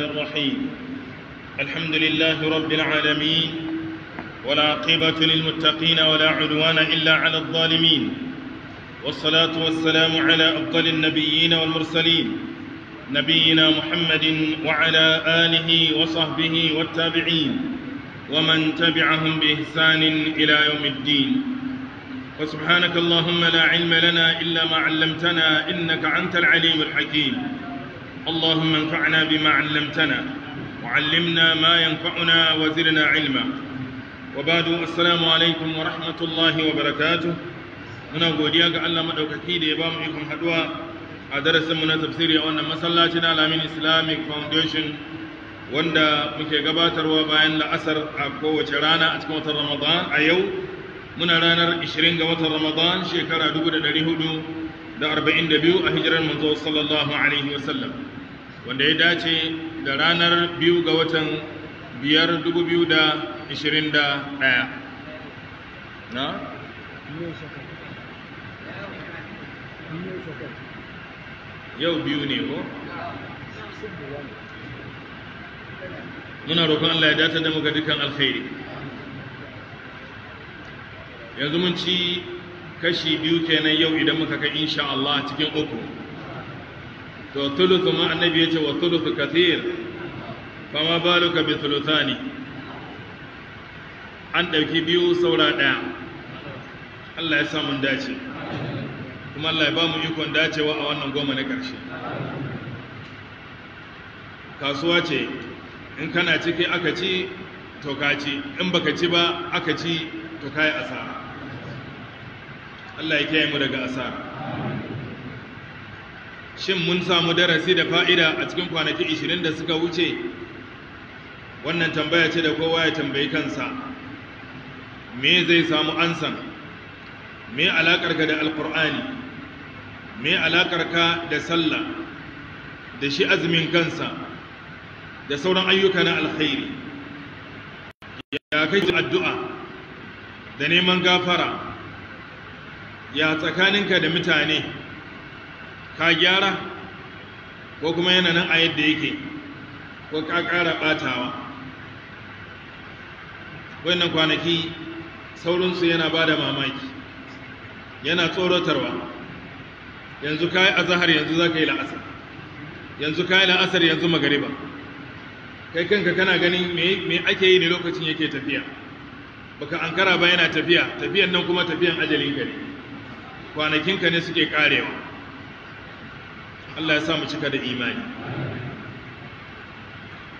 الرحمن الرحيم الحمد لله رب العالمين والعاقبة للمتقين ولا عدوان إلا على الظالمين والصلاة والسلام على أفضل النبيين والمرسلين نبينا محمد وعلى آله وصحبه والتابعين ومن تبعهم بإحسان إلى يوم الدين فسبحانك اللهم لا علم لنا إلا ما علمتنا إنك أنت العليم الحكيم اللهم انفعنا بما علمتنا وعلمنا ما ينفعنا وزرنا علما وبعد السلام عليكم ورحمة الله وبركاته muna godiya ga Allah madaukaki da ya ba mu ikon haduwa a darasin mu na tafsiri a wannan masallaci na Alamin Islamic Foundation wanda muke gabatarwa bayan la'asar a kowace rana a cikin Ramadan a yau muna ranar 20 Ramadan shekara 1442 a hijirar manzo sallallahu alaihi wasallam wanda ya dace da ranar biyu ga watan biyar dubu biyu da ishirin da ɗaya na? yau biyu ne ko? muna roƙon Allah ya dace da muka dukkan alkhairi yanzu mun ci kashi biyu kenan yau idan muka kai insha Allah cikin uku to tuluthu ma annabi yace wa tuluthu kathir ma baluka bi tuluthani an dauki biyu saura daya Allah ya sa mun dace kuma Allah ya ba mu ikon dacewa a wannan goma na ƙarshe kasuwa ce in kana ciki aka ci to ka ci in baka ci ba aka ci to kai asara Allah ya kiyaye mu daga asara shin mun samu darasi da fa'ida a cikin kwanaki 20 da suka wuce wannan tambaya ce da kowa ya tambayi kansa me zai samu ansan me alaƙarka da alkur'ani me alaƙarka da sallah da shi azumin kansa da sauran ayyuka na alkhairi ya kai addu'a da neman gafara ya tsakaninka da mutane ka gyara ko kuma yana nan a yadda yake ko ka ƙara ɓatawa wannan kwanaki saurinsu yana ba da mamaki yana tsorotarwa yanzu ka yi azahar yanzu za ka yi la'asar yanzu ka yi la'asar yanzu magariba kai kanka kana ganin me ake yi ne lokacin yake tafiya baka ankara ba yana tafiya tafiyan nan kuma tafiyan ajalin gari kwanakinka ne suke karewa Allah ya sa mu cika da imani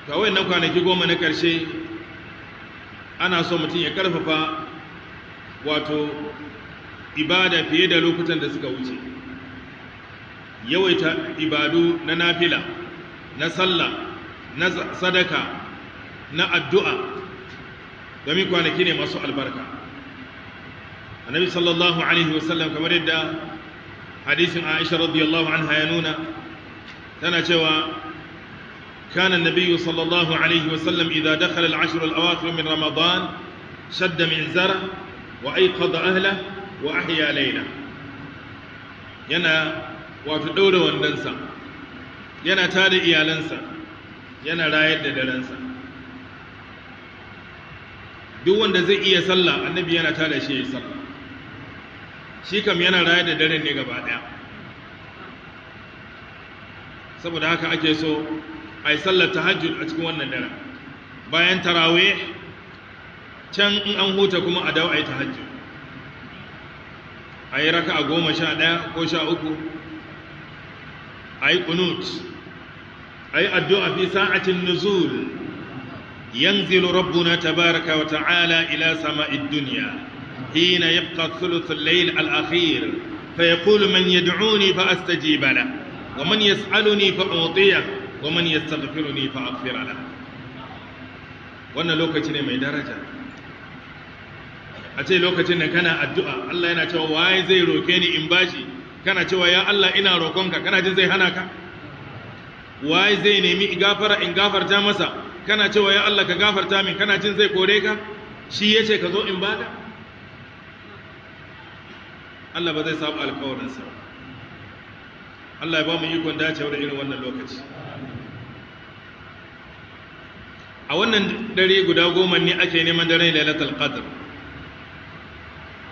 ga nan kwanaki goma na ƙarshe ana so mutum ya ƙarfafa wato ibada fiye da lokutan da suka wuce yawaita ibadu na nafila na sallah na sadaka na addu'a domin kwanaki ne masu albarka annabi sallallahu alaihi wasallam kamar yadda hadisin Aisha radiyallahu anha ya nuna tana cewa kana nabiyyu sallallahu alaihi wa sallam idza dakhala al-ashr al-awakhir min ramadan shadda min zara wa ayqadha ahla wa ahya layla yana wato daura wandansa yana tada iyalansa yana rayar da daransa duk wanda zai iya sallah annabi yana tada shi ya sallah shi kam yana rayar da daren ne gaba ɗaya saboda haka ake so a yi sallar tahajjud a cikin wannan daren bayan tarawe can in an huta kuma a dawo a yi tahajjud a yi raka a goma sha ɗaya ko sha uku a yi kunut a yi addu'a fi sa'atin nuzul yanzilu rabbuna tabaraka wa ta'ala ila sama'id duniya حين يبقى ثلث الليل الأخير فيقول من يدعوني فأستجيب له ومن يسألني فأعطيه ومن يستغفرني فأغفر له wannan lokaci ne mai daraja a ce lokacin da kana addu'a Allah yana cewa waye zai roke ni in bashi kana cewa ya Allah ina roƙonka kana jin zai hana ka waye zai nemi gafara in gafarta masa kana cewa ya Allah ka gafarta min kana jin zai kore ka shi yace ka zo in baka Allah ba zai samu alkawarinsa Allah ya ba mu ikon dacewa da irin wannan lokaci a wannan dare guda goma ne ake neman dare lailatul qadr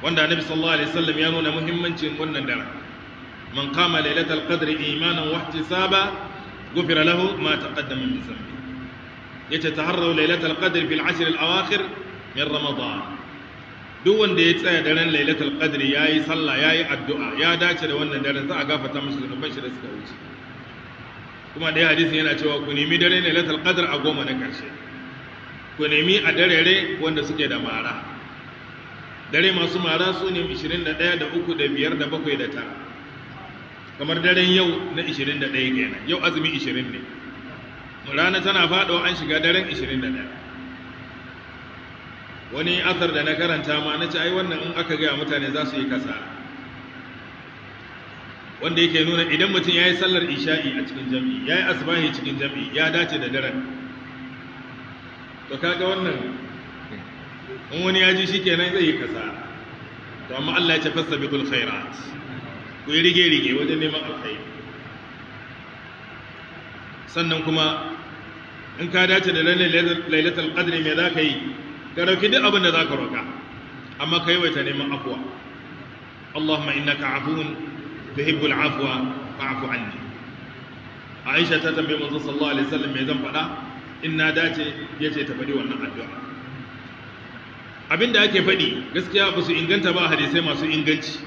wanda annabi sallallahu alaihi wasallam ya nuna muhimmancin wannan dare man qama lailatul qadr imanan wa ihtisaba ghufira lahu ma taqaddama min dhanbi yace taharraw lailatul qadr fil ashr al awakhir min ramadan duk wanda ya tsaya daren lailatul qadri yayi sallah yayi addu'a ya dace da wannan daren za a gafarta masa da shi da suka wuce kuma dai hadisi yana cewa ku nemi dare lailatul qadr a goma na karshe ku nemi a darere wanda suke da mara dare masu mara su ne 21 da 3 da 5 da 7 da 9 kamar daren yau na 21 kenan yau azumi 20 ne rana tana faɗo an shiga daren 21 wani asar da na karanta ma na ce ai wannan in aka gaya mutane za su yi kasa wanda yake nuna idan mutum ya yi sallar isha'i a cikin jami'i ya yi asibahi cikin jami'i ya dace da daren to kaga wannan in wani ya ji shi kenan zai yi kasa to amma Allah ya ce kul khairat ku yi rige rige wajen neman alkhairi sannan kuma in ka dace da lailatul qadri me za ka yi ka ɗauki duk abin da ka roƙa, amma ka yawaita neman afwa Allahumma innaka afuwun tuhibbul afwa fa'fu anni Aisha ta tambaye manzo sallallahu alaihi sallam me zan faɗa in na dace ya ce ta faɗi wannan addu'a abinda ake faɗi gaskiya ba su inganta ba hadisai masu inganci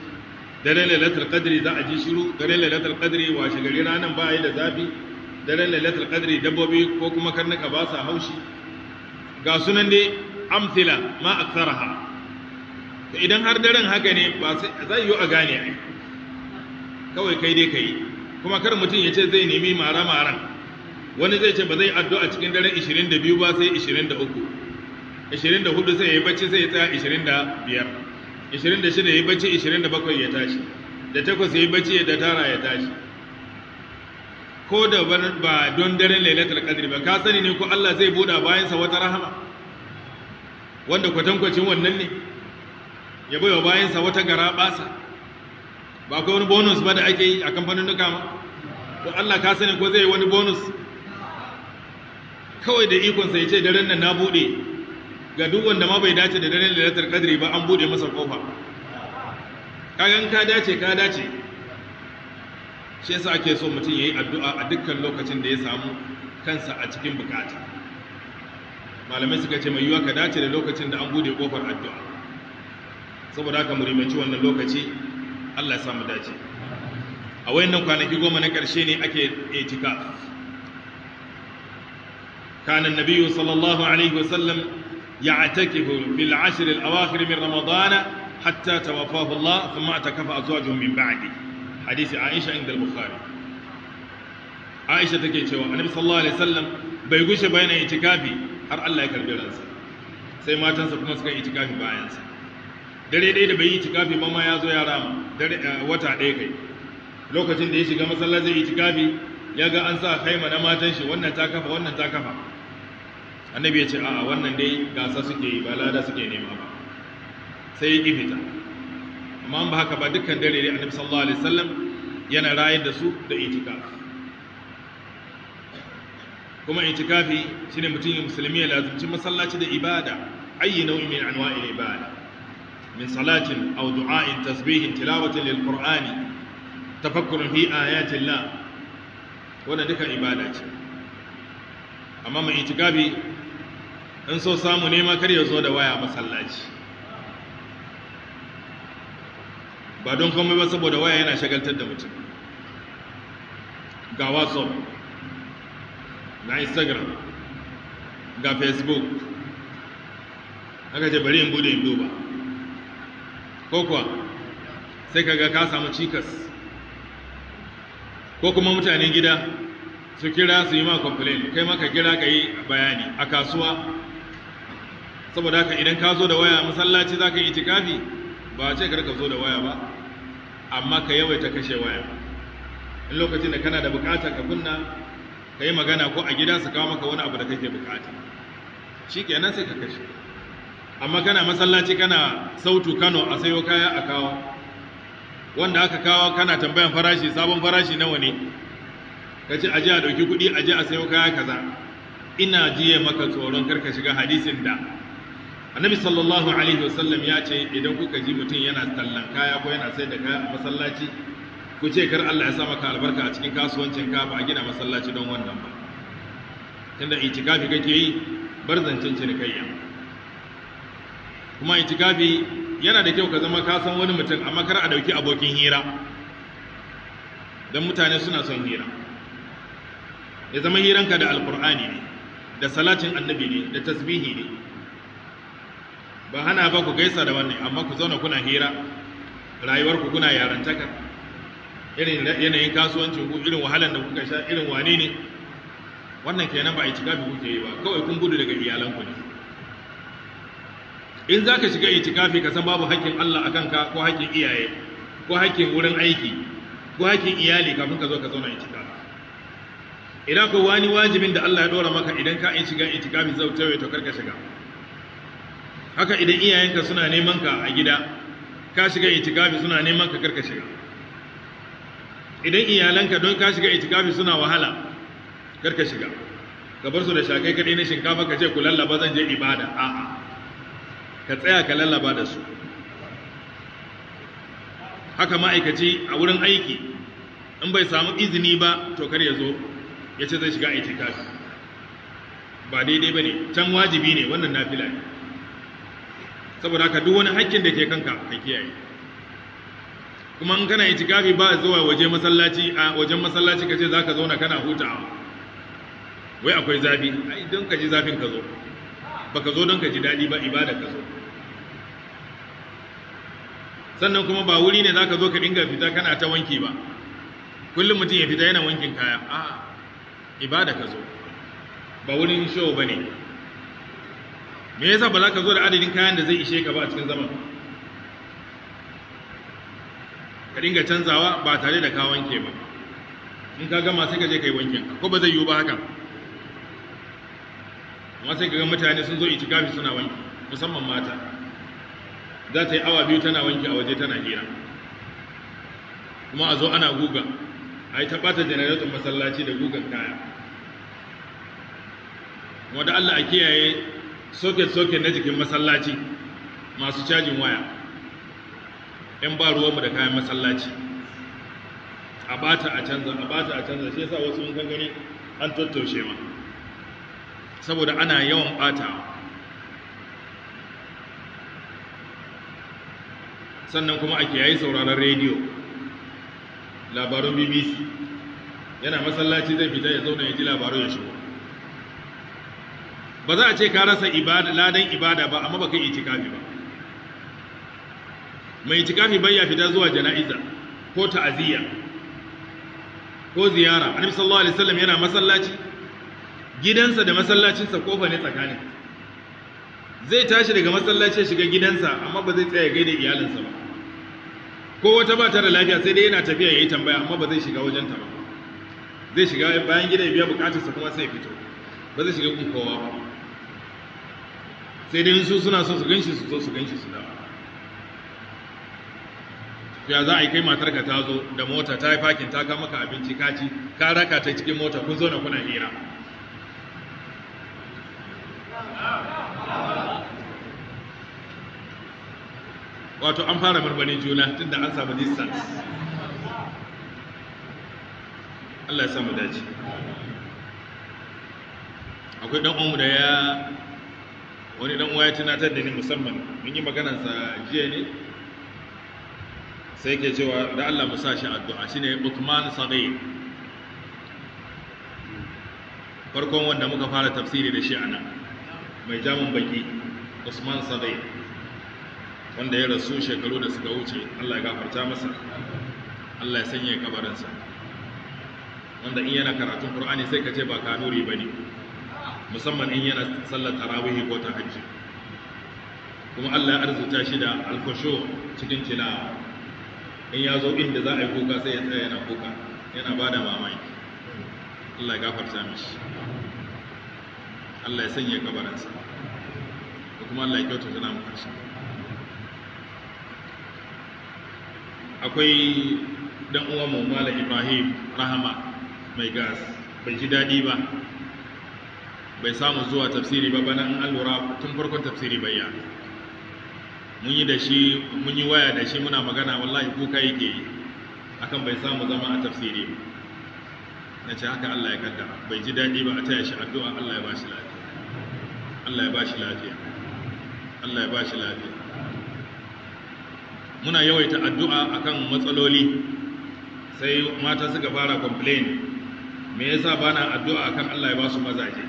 daren lailatul qadri za a ji shiru daren lailatul qadri washe gari ranar ba yi da zafi daren lailatul qadri dabbobi ko kuma karnuka ba sa haushi ga sunan dai amthila ma aktharaha to idan har daren haka ne ba zai yi a gane ai kawai kai dai kai kuma kar mutum ya ce zai nemi mara maran wani zai ce ba zai addu'a cikin daren 22 ba sai 23 24 sai ya yi bacci sai ya tsaya 25 26 ya yi bacci 27 ya tashi da takwas ya yi bacci da tara ya tashi ko da ba don daren lailatul qadr ba ka sani ne ko Allah zai bayan bayansa wata rahama wanda kwatankwacin wannan ne ya baiwa bayansa wata gara basa ba kai wani bonus ba da ake yi a kamfanin nuka ma to Allah ka sani ko zai wani bonus kawai da ikonsa ya ce daren nan na bude ga duk wanda ma bai dace da daren lalatar kadri ba an bude masa kofa kagan ka dace ka dace shi yasa ake so mutum ya yi addu'a a dukkan lokacin da ya samu kansa a cikin bukata malamai suka ce mai yiwuwa ka dace da lokacin da an bude kofar addu'a saboda haka mu rimaci wannan lokaci Allah ya samu dace a wayannan kwanaki goma na ƙarshe ne ake itikaf kana nabiyyu sallallahu alaihi wasallam ya'takifu fil ashr al awakhir min ramadana hatta tawaffahu Allah thumma atakafa azwajuhu min ba'di hadisi Aisha inda al-Bukhari Aisha take cewa Annabi sallallahu alaihi wasallam bai gushe bayan itikafi har Allah ya karbi ransa sai matansa kuma suka yi itikafi bayansa dare ɗaya da bai yi itikafi mama ya zo yara Dare eh, wata ɗaya kai lokacin da ya shiga masallaci zai itikafi ya ga an sa kaima na matan shi wannan ta kafa wannan ta kafa annabi ya ce a'a wannan dai gasa suke yi ba lada suke nema ba sai ya ƙi fita amma ba haka ba dukkan dare dai annabi sallallahu alaihi wasallam yana rayar da su da itikafi kuma itikafi shine mutum ya musulmi ya lazumci masallaci da ibada ayi nau'i min anwa'il ibada min salatin aw du'a'in tasbihin tilawatin lil qur'ani tafakkurun fi ayatin la wannan duka ibada ce amma mai itikafi in so samu nema kar ya zo da waya masallaci ba don komai ba saboda waya yana shagaltar da mutum ga whatsapp Na instagram ga facebook aka ce bari in bude in duba ko kuwa sai kaga ka samu cikas ko kuma mutane gida su kira su yi ma complain kai maka kira ka yi bayani a kasuwa saboda haka idan ka zo da waya masallaci za ka yi itikafi ba ce karka zo da waya ba amma ka yawaita kashe waya in lokacin da kana da bukata ka kunna ka yi magana ko a gida su kawo maka wani abu da kake bukata shi kenan sai ka kashe amma kana masallaci kana sautu kano a sayo kaya a kawo wanda aka kawo kana tambayan farashi sabon farashi nawa ne ka ce aje a ɗauki kuɗi aje a sayo kaya kaza ina jiye maka tsoron karka shiga hadisin da annabi sallallahu alaihi wasallam ya ce idan kuka ji mutum yana tallan kaya ko yana sai da kaya a masallaci ku ce kar Allah ya sa maka albarka a cikin kasuwancin ka ba a gina masallaci don wannan ba tunda itikafi kake yi bar zancen cinikayya kuma itikafi yana da kyau ka zama ka san wani mutum amma kar a dauki abokin hira don mutane suna son hira ya zama hiranka da alkur'ani ne da salatin annabi ne da tasbihi ne ba hana ba ku gaisa da wannan amma ku zauna kuna hira rayuwarku kuna yarantaka irin yanayin kasuwanci ku irin wahalar da kuka sha irin wane ne wannan kenan ba a itikafi kuke yi ba kawai kun gudu daga iyalanku ne in za ka shiga itikafi ka san babu haƙƙin Allah a kanka ko haƙƙin iyaye ko haƙƙin wurin aiki ko haƙƙin iyali kafin ka zo ka zauna itikafi idan ko wani wajibin da Allah ya ɗora maka idan ka in shiga itikafi zau tawaye to karka shiga haka idan iyayenka suna neman ka a gida ka shiga itikafi suna neman ka karka shiga idan iyalanka don ka shiga itikafi suna wahala kar ka shiga ka bar su da shakai kaɗai na shinkafa ka ce ku lallaba zan je ibada a'a ka tsaya ka lallaba da su haka ma'aikaci a wurin aiki in bai samu izini ba to kar ya zo ya ce zai shiga itikafi ba daidai ba ne can wajibi ne wannan nafila ne saboda haka duk wani hakkin da ke kanka ka kiyaye kuma in kana itikafi ba zuwa waje masallaci a wajen masallaci kace zaka zauna kana hutawa wai akwai zafi ai don ka ji zafin ka zo baka zo don ka ji dadi ba ibada ka zo sannan kuma ba wuri ne zaka zo ka dinga fita kana ta wanki ba kullum mutum ya fita yana wankin kaya a ibada ka zo ba wurin show bane me yasa ba za ka zo da adadin kayan da zai ishe ka ba a cikin zaman ka dinga canzawa ba tare da ka wanke ba in ka gama sai ka je ka yi wankin ko ba zai yiwu ba haka amma sai ka ga mutane sun zo itikafi suna wanki musamman mata za ta yi awa biyu tana wanki a waje tana hira kuma a zo ana guga a yi ta janaratun masallaci da gugan kaya wadda Allah a kiyaye soket-soket na jikin masallaci masu cajin waya yan ba ruwanmu da kayan masallaci a bata a canza a bata a canza shi yasa wasu in gani an tattaushe ma saboda ana yawan bata sannan kuma a yayi sauraron rediyo labarun bbc yana masallaci zai fita ya zauna ya ji labarun ya shigo ba za a ce ka rasa ladan ibada ba amma ba kai itikafi ba mai itikafi bayya fita zuwa jana'iza ko ta'aziyya ko ziyara annabi sallallahu alaihi wasallam yana masallaci gidansa da masallacinsa kofa ne tsakanin zai tashi daga masallaci ya shiga gidansa amma ba zai tsaya gaida iyalinsa ba ko wata ba ta da lafiya sai dai yana tafiya yayi tambaya amma ba zai shiga wajenta ba zai shiga bayan gida ya biya bukatarsa kuma sai ya fito ba zai shiga kun kowa ba sai dai su suna so su ganshi su zo su ganshi su dawo ya za a yi kai matarka ta zo da mota ta yi fakin ta ga maka abinci ka ci ka raka ta cikin mota kun zo na kuna hira wato an fara marbani juna tun da an samu distance Allah ya samu dace akwai dan umu da ya wani dan uwa ya tunatar da ni musamman mun yi maganarsa jiya ne sai ke cewa da Allah mu sa shi addu'a shine Uthman Sagir farkon wanda muka fara tafsiri da shi ana mai jamin baki Usman Sagir wanda ya rasu shekaru da suka wuce Allah ya gafarta masa Allah ya sanya kabarinsa wanda in yana karatun Qur'ani sai ka ce ba kanuri bane musamman in yana sallar tarawih ko tahajjud kuma Allah ya arzuta shi da alkushu cikin tilawa in ya zo inda za a yi kuka sai ya tsaya yana kuka yana ba da mamaye. Allah ya gafarta mishi Allah ya sanya kabaransa da kuma Allah ya kyauta tana mu karshe akwai dan uwa mu Malam Ibrahim Rahama mai gas bai ji dadi ba bai samu zuwa tafsiri ba bana an allura tun farkon tafsiri bayyana mun yi da shi mun yi waya da shi muna magana wallahi kuka yake yi akan bai samu zama a tafsiri na ce haka Allah ya kaddara bai ji daɗi ba a taya shi addu'a Allah ya ba shi lafiya Allah ya ba shi lafiya Allah ya ba shi lafiya muna yawaita addu'a akan matsaloli sai mata suka fara complain me yasa bana addu'a akan Allah ya ba su mazaje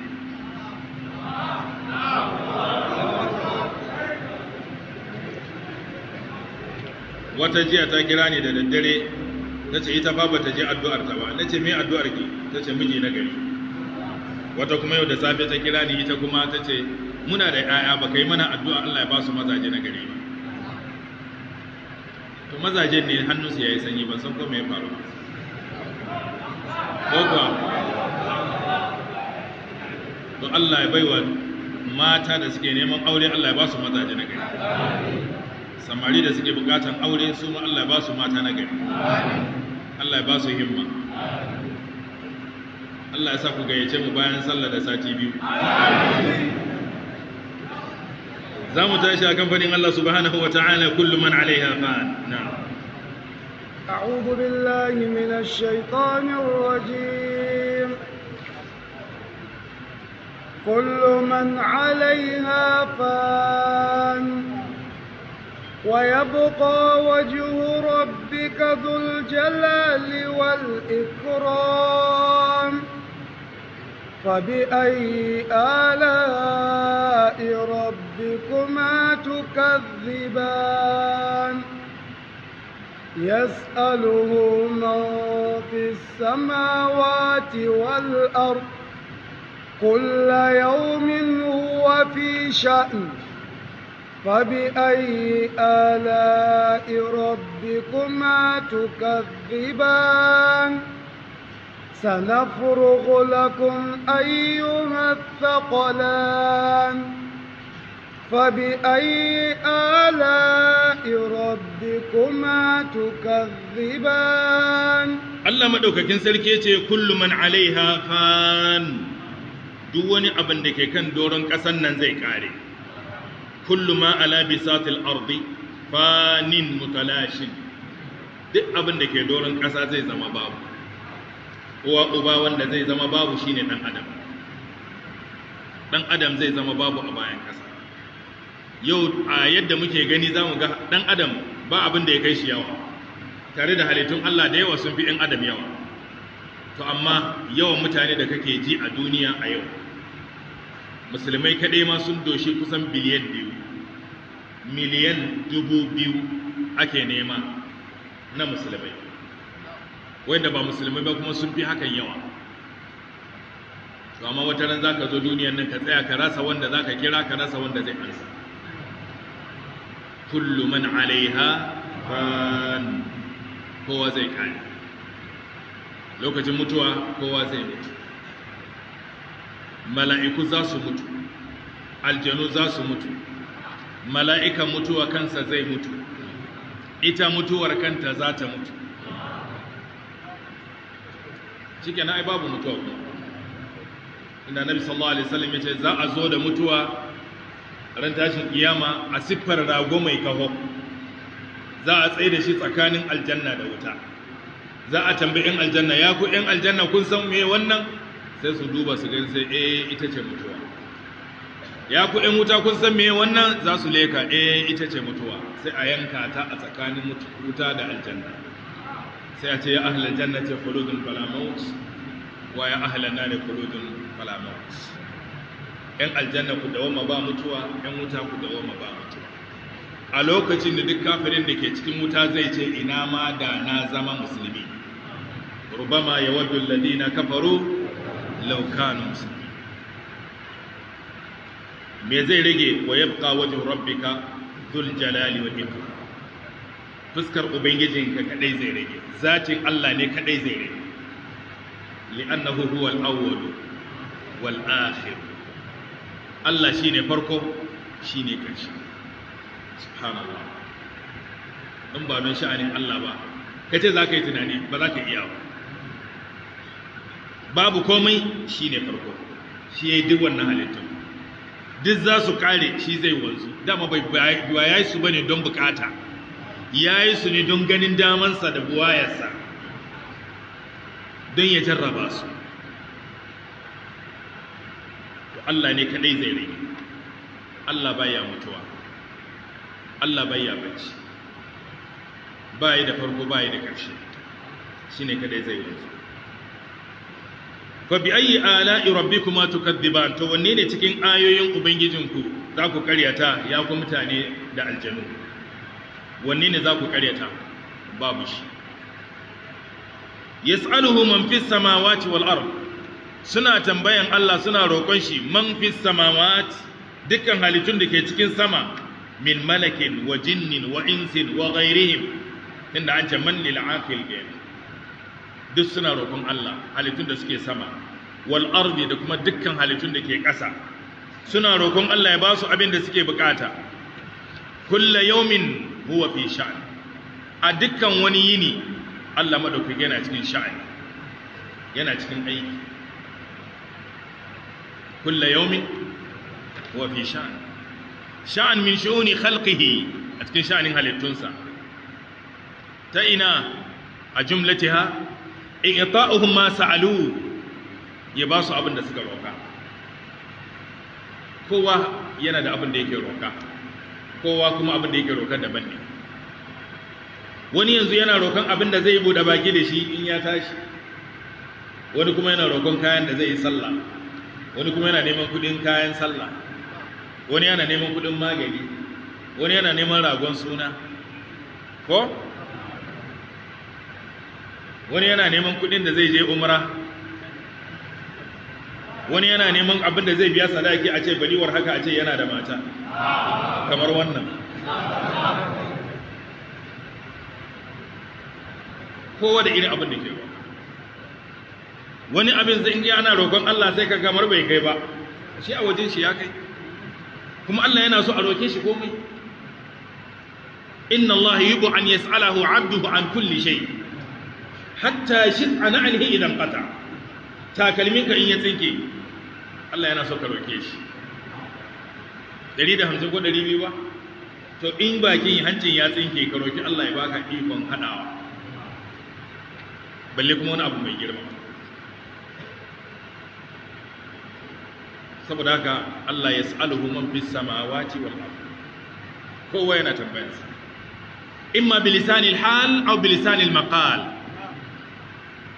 wata jiya ta kira ni da daddare ta ce ita ba ta je addu'ar ta ba na ce me addu'ar ki ta ce miji na gari wata kuma yau da safe ta kira ni ita kuma ta ce muna da 'ya'ya ba ka yi mana addu'a Allah ya ba su mazaje na gari ba to mazajen ne hannunsu ya yi sanyi ban san ko me ya faru ba ko to Allah ya baiwa mata da suke neman aure Allah ya ba su mazaje na gari samari da suke bukatan aure su ma Allah ba su mata na gari Allah ba su himma Allah ya sa ku gayyace mu bayan sallah da sati biyu za mu tashi a kamfanin Allah subhanahu wa ta'ala kullu man alaiha fan أعوذ بالله من الشيطان الرجيم كل من عليها فان ويبقى وجه ربك ذو الجلال والإكرام فبأي آلاء ربكما تكذبان يسأله من في السماوات والأرض كل يوم هو في شأن فبأي آلاء ربكما تكذبان سنفرغ لكم أيها الثقلان فبأي آلاء ربكما تكذبان الله مدوكاكين سلكيتي كل من عليها فان دواني wani كان da كسنن kan doron kullu ma ala bisatil ardi fanin mutalashin duk abin da ke doron ƙasa zai zama babu uwa uba wanda zai zama babu shine dan adam dan adam zai zama babu a bayan ƙasa yau a yadda muke gani za mu ga dan adam ba abin da ya kai shi yawa tare da halittun Allah da yawa sun fi ɗan adam yawa to amma yawan mutane da kake ji a duniya a yau musulmai kaɗai ma sun doshi kusan biliyan biyu miliyan dubu biyu ake nema na musulmai wanda ba musulmai ba kuma sun fi hakan yawa to amma wata ran zaka zo duniyan nan ka tsaya ka rasa wanda zaka kira ka rasa wanda zai ansa kullu man alaiha fan kowa zai kare lokacin mutuwa kowa zai mutu mala'iku za su mutu aljanu za su mutu mala'ika mutuwa kansa zai mutu ita mutuwar kanta za ta mutu cike na babu mutuwa kuma inda nabi sallallahu alaihi wasallam ya ce za a zo da mutuwa ran tashin kiyama a siffar rago mai kaho za a tsaye da shi tsakanin aljanna da wuta za a tambayi 'yan aljanna ya ku 'yan aljanna kun san me wannan sai su duba su gani sai eh ita ce mutuwa ya ku ƴan wuta kun san meye wannan za su leka eh ita ce mutuwa sai a yanka ta a tsakanin wuta da aljanna sai a ce ya ahlal jannati khuludun fala maut wa ya ahlal nari khuludun fala maut ƴan aljanna ku dawoma ba mutuwa yan wuta ku dawoma ba mutuwa a lokacin da duk kafirin da ke cikin wuta zai ce ina ma da na zama musulmi rubama yawaddu ladina kafaru laukanu me zai rage wa yabqa wajhu rabbika dhul jalali wal ikram fuskar ubangijinka kadai zai rage zatin Allah ne kadai zai rage li'annahu huwa al-awwal wal akhir Allah shi ne farko shi ne karshe subhanallah in ba don sha'anin Allah ba Ka ce za ka yi tunani ba za zaka iya ba babu komai shi ne farko shi ya yi duk wannan halittar duk za su kare shi zai wanzu dama bai ya yi su bane don bukata ya yi su ne don ganin damansa da buwayarsa don ya jarraba su Allah ne kadai zai rage Allah baya mutuwa Allah baya bacci bayi da farko bayi da ƙarshe shine kadai zai wanzu fa bi ayi ala'i rabbikuma tukadziban to wanne ne cikin ayoyin ubangijinku za ku karyata ya ku mutane da aljanu wanne ne za ku karyata babu shi yas'aluhu man fis samawati wal ard suna tambayan Allah suna roƙon shi man fis samawati dukkan halittun da ke cikin sama min malakin wa jinnin wa insin wa ghairihim inda an ce man lil aqil kenan duk suna roƙon Allah halittun da suke sama wal ardi da kuma dukkan halittun da ke ƙasa suna roƙon Allah ya ba su abin da suke bukata kulla yaumin huwa fi sha'an a dukkan wani yini Allah madaukaki yana cikin sha'ani yana cikin aiki kulla yaumin huwa fi sha'an sha'an min shu'uni khalqihi a cikin sha'anin halittunsa ta ina a jumlatiha iqta'uhum ma sa'alu ya ba su abin da suka roka kowa yana da abin da yake roka kowa kuma abin da yake roka daban ne wani yanzu yana rokan abin da zai bude baki da shi in ya tashi wani kuma yana roƙon kayan da zai yi sallah wani kuma yana neman kudin kayan sallah wani yana neman kudin magani wani yana neman ragon suna ko wani yana neman kudin da zai je umra wani yana neman abin da zai biya sadaki a ce baliwar haka a ce yana da mata kamar wannan kowa da irin abin da ke ba wani abin zai iya ana roƙon Allah sai ka kamar bai kai ba shi a wajen shi ya kai kuma Allah yana so a roƙe shi komai inna Allah yubu an yas'alahu abduhu an kulli shay' hatta shi a na'alihi idan ƙata takalminka in ya tsinke Allah yana so ka roke shi Ɗari da hamsin ko ɗari biyu ba to in bakin hancin ya tsinke ka roki Allah ya baka ikon haɗawa balle kuma wani abu mai girma saboda haka Allah ya sa'aluhu man bis samawati wal ardh kowa yana tambayarsa imma bilisanil hal aw bilisanil maqal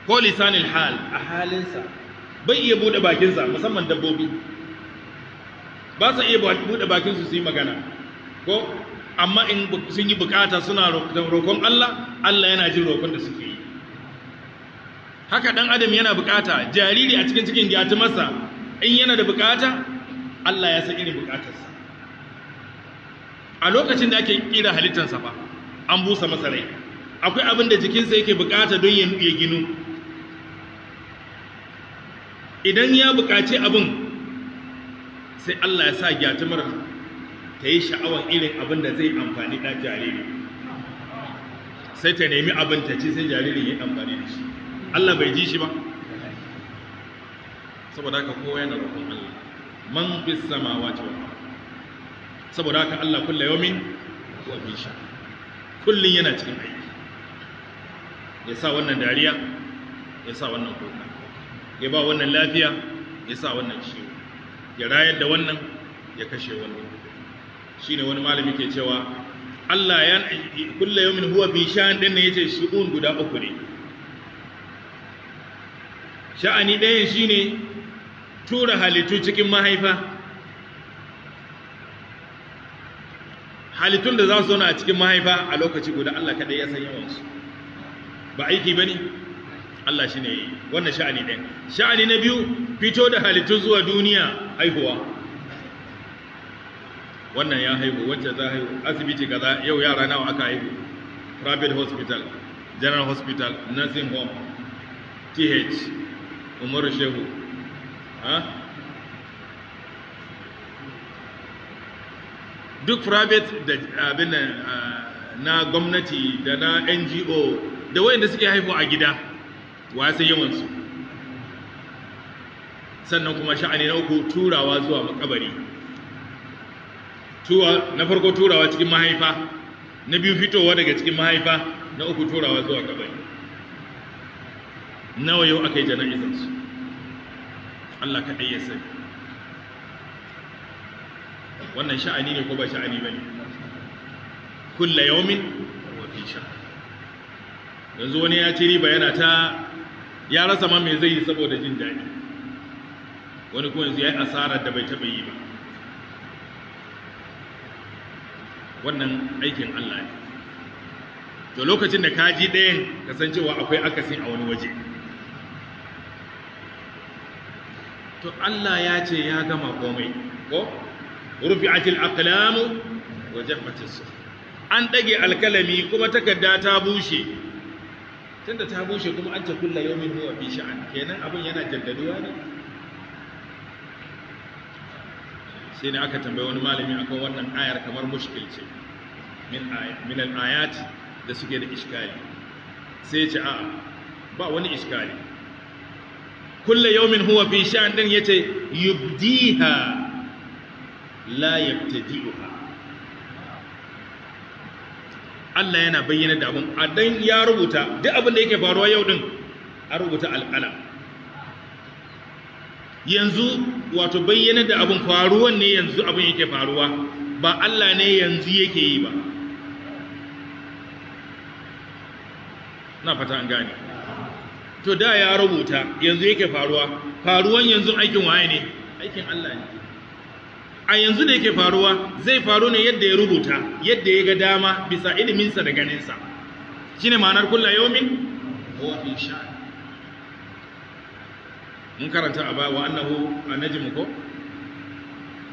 ko lisanin hal a halinsa bai iya buɗe bakinsa musamman dabbobi ba su iya buɗe bakinsu su yi magana ko amma in sun yi bukata suna roƙon Allah Allah yana jin roƙon da suke yi haka ɗan adam yana bukata jariri a cikin cikin masa in yana da bukata Allah ya san irin bukatarsa a lokacin da ake kira halittarsa ba an busa masa rai akwai abin da jikinsa yake bukata don ya ginu idan ya buƙaci abin sai Allah ya sa gyatumar ta yi sha'awar irin abin da zai amfani ɗan jariri sai ta nemi abin ta ci sai jaririn ya amfani da shi Allah bai ji shi ba saboda haka kowa yana rukun Allah man fi sama wal wata. saboda haka Allah kulla yawmin wa bi shi. Kullum yana cikin aiki ya sa wannan dariya ya sa wannan kuka ya ba wannan lafiya ya sa wannan ciwo ya rayar da wannan ya kashe wannan Shi ne wani malami ke cewa Allah ya yau min huwa bi sha'an ya ce yace un guda uku ne sha'ani ɗayan ne tura halittu cikin mahaifa halittun da za su zauna a cikin mahaifa a lokaci guda Allah kaɗai ya san yawansu ba aiki ba ne Allah shi ne yi wannan sha'ani ɗin sha'ani na biyu fito da halittu zuwa duniya haihuwa wannan ya haihu wacce za haihu asibiti kaza yau yara nawa aka haihu private hospital general hospital nursing home th Umar shehu ha duk private da abin ah, na gwamnati da na ngo da wayanda suke haihu a gida wa sai yawan su sannan kuma sha'ani na uku turawa zuwa makabari tuwa na farko turawa cikin mahaifa na biyu fitowa daga cikin mahaifa na uku turawa zuwa kabari nawa yau aka yi su? Allah kaɗai ya sani wannan sha'ani ne ko ba sha'ani ba ne kulla yaumin wa fi sha yanzu wani ya ci riba yana ta ya rasa ma me zai yi saboda jin daɗi wani kuma yanzu ya yi asarar da bai taɓa yi ba wannan aikin Allah ne to lokacin da ka ji ɗayan kasancewa akwai akasi a wani waje to Allah ya ce ya gama komai ko rufi'atil aqlamu wa an dage alkalami kuma takarda ta bushe tunda ta bushe kuma an ta kulla yawmin huwa fi sha'an kenan abin yana jaddaduwa ne sai ne aka tambaye wani malami akwai wannan ayar kamar mushkil ce min al da suke da iskali sai ya ce a'a ba wani iskali kulla yawmin huwa fi sha'an din yace yubdiha la yabtadi'uha Allah yana bayyana da abin a dan ya rubuta duk abin da yake faruwa yau din a rubuta alƙalam yanzu wato bayyana da abin faruwan ne yanzu abin yake faruwa ba Allah ne yanzu yake yi ba na fata an gane to da ya rubuta yanzu yake faruwa faruwan yanzu aikin waye ne aikin Allah ne a yanzu da yake faruwa zai faru ne yadda ya rubuta yadda ya ga dama bisa iliminsa da ganinsa shi ne ma'anar kulla yomin in sha mun karanta a bawa wa annahu a muku?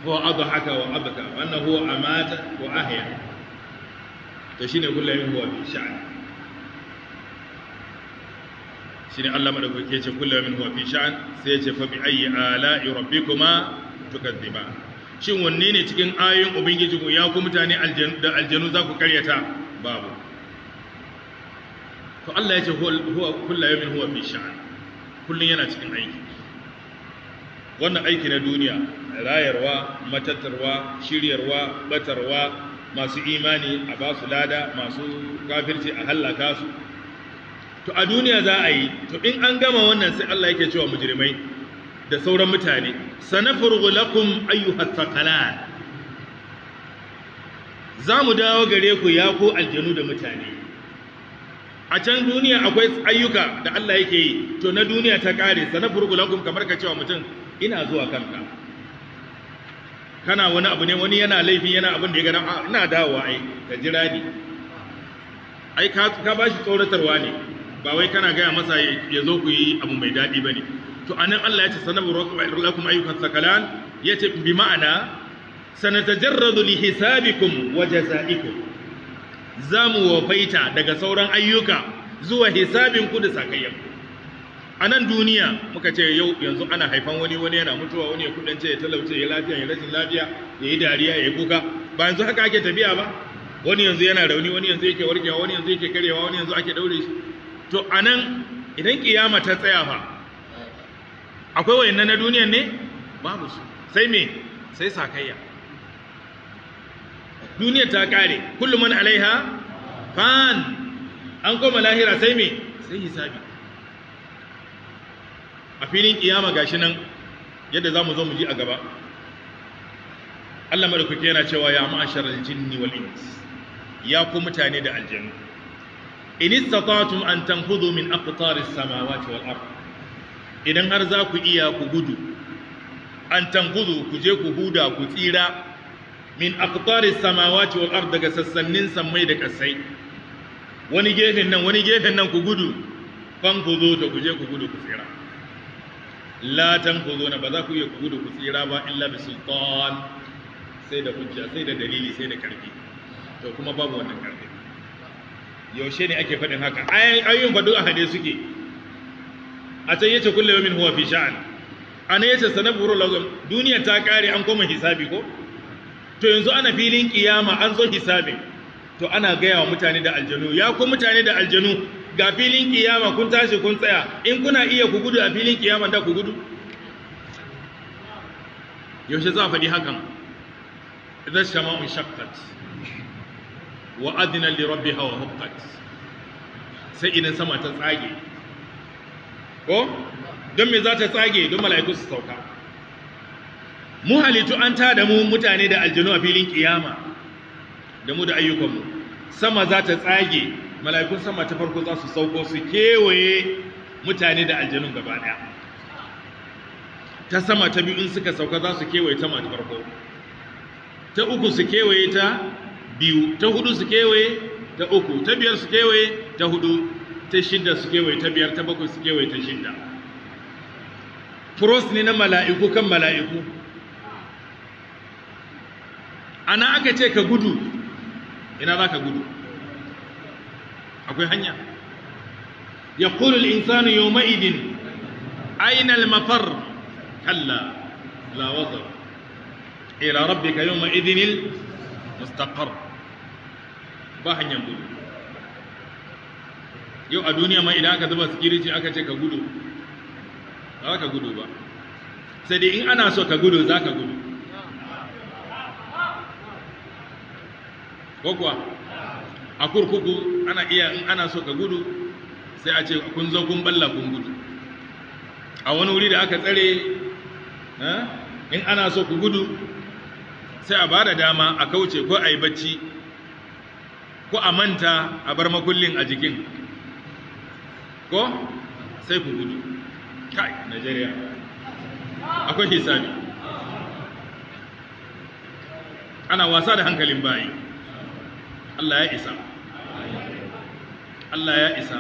ko abu haka wa abka wa a mata wa ahya to ne kulla yomin huwa fi sha'ad shine Allah kuke ce kulla yomin wa in sha sai ya ce fa bi ayyi ala'i rabbikuma tukadzibana shin wanne ne cikin ayoyin ubangiji ku ya ku mutane da aljanu za ku karyata babu to Allah ya ce huwa kullu yawmin huwa fi sha'an kullun yana cikin aiki wannan aiki na duniya rayarwa matattarwa shiryarwa batarwa masu imani a ba su lada masu kafirci a hallaka su to a duniya za a yi to in an gama wannan sai Allah yake cewa mujrimai da sauran mutane sanafurgu lakum ayyuhat za mu dawo gare ku ya ku aljanu da mutane a can duniya akwai ayyuka da Allah yake yi to na duniya ta kare sanafurgu lakum kamar ka cewa mutum ina zuwa kanka kana wani abu ne wani yana laifi yana abin da ya gana ah, ina dawowa ai ka jira ni ai ka ba shi tsoratarwa ne ba wai kana gaya masa ya zo ku yi abu mai daɗi ba ne to anan Allah ya ce sanabu lakum ayyukan sakalan ya ce bi ma'ana sanatajarradu li hisabikum wa jazaikum zamu wafaita daga sauran ayyuka zuwa hisabin ku da sakayyanku a nan duniya muka ce yau yanzu ana haifan wani wani yana mutuwa wani ya kudance ya talauce ya lafiya ya rashin lafiya ya yi dariya ya yi kuka ba yanzu haka ake tafiya ba wani yanzu yana rauni wani yanzu yake warkewa wani yanzu yake karewa wani yanzu ake daure shi to a nan idan kiyama ta tsaya fa akwai wayannan na duniyan ne babu su sai me sai sakayya duniyar ta kare kullum man alaiha fan an koma lahira sai me sai hisabi a filin kiyama gashi nan yadda za mu zo mu ji a gaba Allah madaukaki yana cewa ya ma'ashar jinni wal ins ya ku mutane da aljannu in istata'tum an tanfudhu min aqtaris samawati wal ardh idan har za ku iya ku gudu an gudu ku je ku huda ku tsira min aqtari samawati wal ard daga sassannin sammai da kasai wani gefen nan wani gefen nan ku gudu kan ku zo ta ku je ku gudu ku tsira la tan ku zo na ba za ku iya ku gudu ku tsira ba illa bi sultan sai da hujja sai da dalili sai da karfi to kuma babu wannan karfi yaushe ne ake faɗin haka ayoyin faɗo a hade suke a can yace kullu yawmin huwa fi sha'an ana yace sanaburu lahum duniya ta kare an koma hisabi ko to yanzu ana filin kiyama an zo hisabi to ana gaya wa mutane da aljanu ya ku mutane da aljanu ga filin kiyama kun tashi kun tsaya in kuna iya ku gudu a filin kiyama da ku gudu yaushe za a faɗi hakan idza shama'u shaqqat wa adna li rabbiha wa huqqat sai idan sama ta tsage ko don me za ta tsage don mala'iku su sauka mu halittu an tada mu mutane da aljanu a filin kiyama da mu da ayyukanmu sama za ta tsage mala'ikun sama ta farko za su sauko su kewaye mutane da aljanun gaba daya ta sama ta biyu in suka sauka za su kewaye ta mata farko ta uku su kewaye ta biyu ta hudu su kewaye ta uku ta biyar su kewaye ta hudu ta shida su kewaye ta biyar ta bakwai su kewaye ta shida furos ne na mala'iku kan mala'iku ana aka ce ka gudu ina za ka gudu akwai hanya ya ƙulul insanu yau ma'idin ainihin mafar kalla lawazar ila rabbi ka yau ma'idinil mustaƙar ba hanyar gudu yau a duniya ma idan aka zuba security aka ce ka gudu ba ka gudu ba sai dai in ana so ka gudu za ka gudu ko kuwa a kurkuku ana iya in ana so ka gudu sai a ce kun zo kun balla kun gudu a wani wuri da aka tsare eh, in ana so ku gudu sai a bada dama a kauce ko a yi bacci ko a manta a bar makullin a jikin ko sai ku gudu kai Najeriya akwai hisabi ana wasa da hankalin bayi Allah ya isa Allah ya isa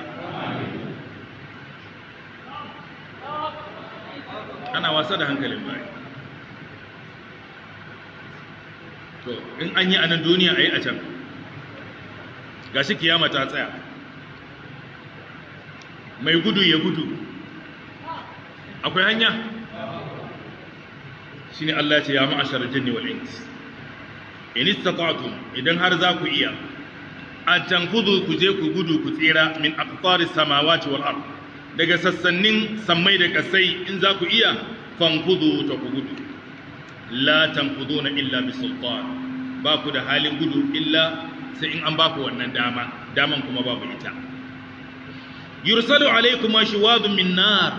ana wasa da hankalin bayi to in an yi a nan duniya a yi a can gashi kiyama ta tsaya mai gudu ya gudu akwai hanya ne Allah ce ya ma'ashar jini wal ins in istata'tum idan har za ku iya A can kudu ku je ku gudu ku tsira min aqtaris samawa wal ard daga sassanin sammai da kasai in za ku iya kan kudu ta ku gudu la na illa bi sultan ba ku da halin gudu illa sai in an ba ku wannan dama daman kuma babu ita yursalu alaykuma shiwadun min nar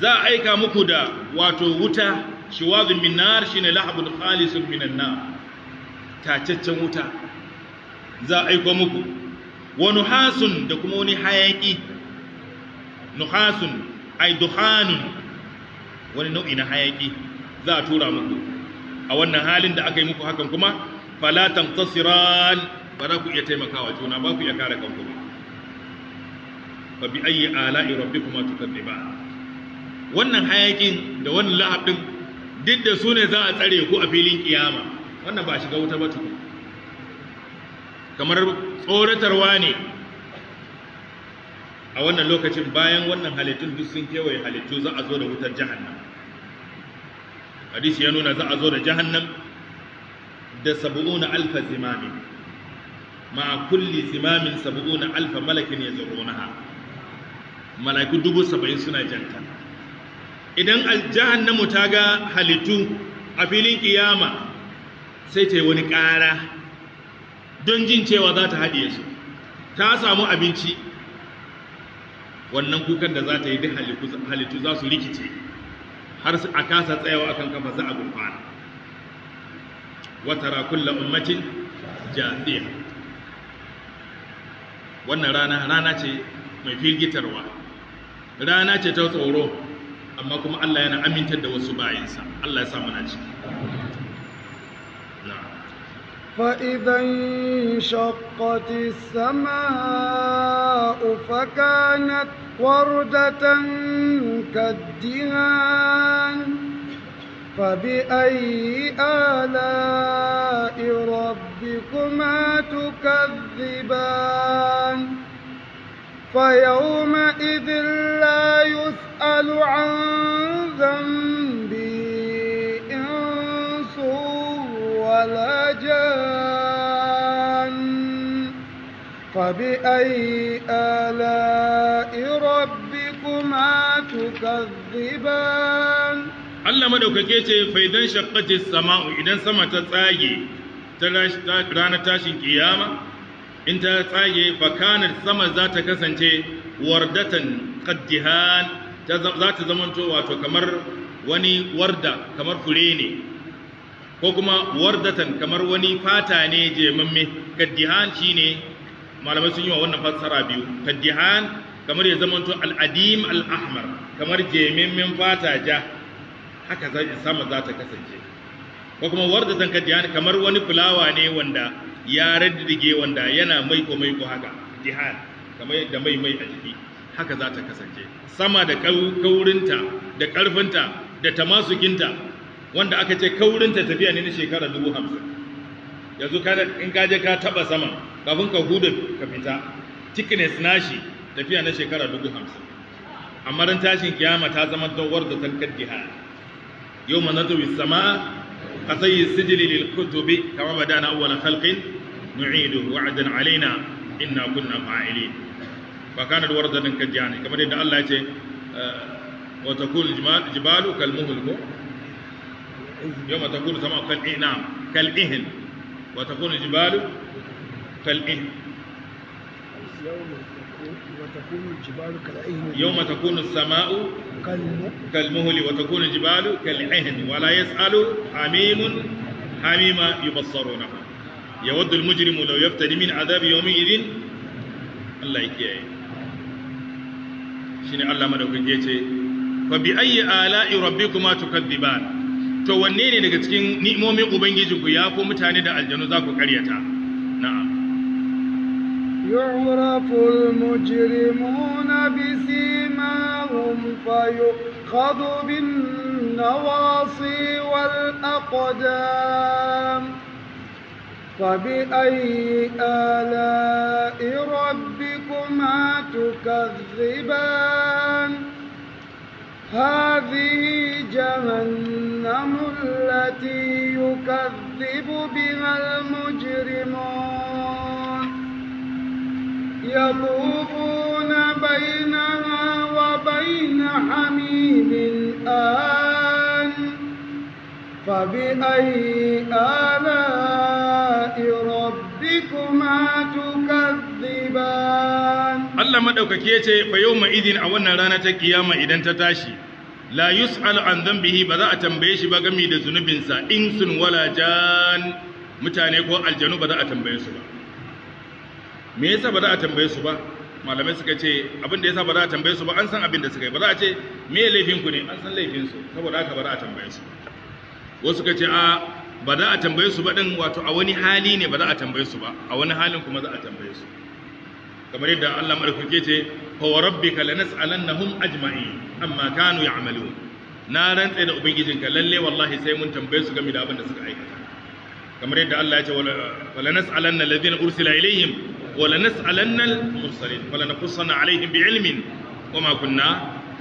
za a aika muku da wato wuta shiwadun min nar shine lahabun khalisun minan nar tacaccen wuta za a aika muku wa nuhasun da kuma wani hayaki nuhasun ay duhanun wani nau'i na hayaki za a tura muku a wannan halin da aka yi muku hakan kuma fala tamtasiran ba za ku iya taimakawa juna ba ku iya kare kanku ba fa bi ayyi ala'i rabbikuma ba. wannan hayakin da wannan lahab din duk da su ne za a tsare ku a filin kiyama wannan ba shiga wuta ba tukun kamar tsoratarwa ne a wannan lokacin bayan wannan halittun duk sun kewaye halittu za a zo da wutar jahannan. hadisi ya nuna za a zo da jahannan da sab'una alfa zimamin ma kulli zimamin sab'una alfa malakin yazrunaha mala'iku dubu saba'in suna janta idan namu ta ga halittu a filin kiyama sai ta yi wani ƙara don jin cewa za ta haɗiye su ta samu abinci wannan kukan da za ta yi duk halittu za su rikice har a kasa tsayawa akan kafa za a gurfana wata rakulla ummatin jami'a wannan rana rana ce mai firgitarwa rana ce ta tsoro amma kuma Allah yana amintar da wasu bayansa Allah ya sa ufaka ciki فإذا انشقت السماء فكانت وردة كالدهان فبأي آلاء ربكما تكذبان فيومئذ لا يسأل عن ذنبي إنس ولا جان فبأي آلاء ربكما تكذبان الله مدى كيكيتي فإذا انشقت السماء إذا سمت تساجي تلاشتا رانتاشي قيامة in ta tsage fakanar sama za ta kasance wardatan kaddihan za ta zamanto wato kamar wani warda kamar fure ne ko kuma wardatan kamar wani fata ne jemamme shi ne. malamai sun yi wa wannan fassara biyu Kaddihan kamar ya zamanto al al'ahmar al-ahmar kamar jememmen fata ja haka sama za ta kasance ko kuma wardatan kaddihan kamar wani fulawa ne wanda ya raddige wanda yana maiko maiko haka jihad kamar yadda mai mai a jiki haka za ta kasance sama da kaurinta da karfinta da tamasukinta wanda aka ce kaurinta tafiya ne na shekara dubu hamsin yanzu in ka je ka taba sama kafin ka huda ka fita tikines nashi tafiya na shekara dubu hamsin amma ran tashin kiyama ta zama dawar da tankar dihan yau manatu sama قطي السجل للكتب كما بدأنا awwal khalqin نعيده وعدا علينا إنا كنا فاعلين فكان الوردة كجاني كما إن الله يتي آه، وتكون الجبال جبال كالمهل يوم تكون السماء كالإنام كالإهل وتكون الجبال كالإهل يوم تكون السماء كالمهل وتكون الجبال كالعهن ولا يسأل حميم حميما يبصرونه yawaddul mujrimu law yaftadi min adhabi yawmin idin Allah ya kiyaye shine Allah madaukakin ce? fa bi ayyi ala'i rabbikuma tukadziban to wanne ne daga cikin ni'imomin ubangijinku ya ko mutane da aljanu za ku karyata na'am يعرف المجرمون بسيماهم فيؤخذ بالنواصي والأقدام فبأي آلاء ربكما تكذبان هذه جهنم التي يكذب بها المجرمون يطوفون بينها وبين حميم آن فبأي آلاء ربكما تكذبان الله ما yace fa yawma idin a wannan rana ta kiyama idan ta tashi la yus'al an dhanbihi ba za a tambaye shi ba gami da zunubinsa insun wala jan mutane ko aljanu ba za a su ba me yasa ba za a tambaye su ba malamai suka ce abin da yasa ba za a tambaye su ba an san abin da suka yi ba za a ce me laifin ku ne an san laifin su saboda haka ba za a tambaye su ba wasu ka ce a ba za a tambaye su ba din wato a wani hali ne ba za a tambaye su ba a wani halin kuma za a tambaye su kamar yadda Allah madaukake ce Rabbi fa wa na lanas'alannahum ajma'in amma kanu ya amalu na rantse da ubangijinka lalle wallahi sai mun tambaye su game da abin da suka aikata kamar yadda Allah ya ce wa lanas'alanna na ursila ilayhim wa lanas'alanna na mursalin wa lanqussanna alaihim bi'ilmin ilmin kuma kunna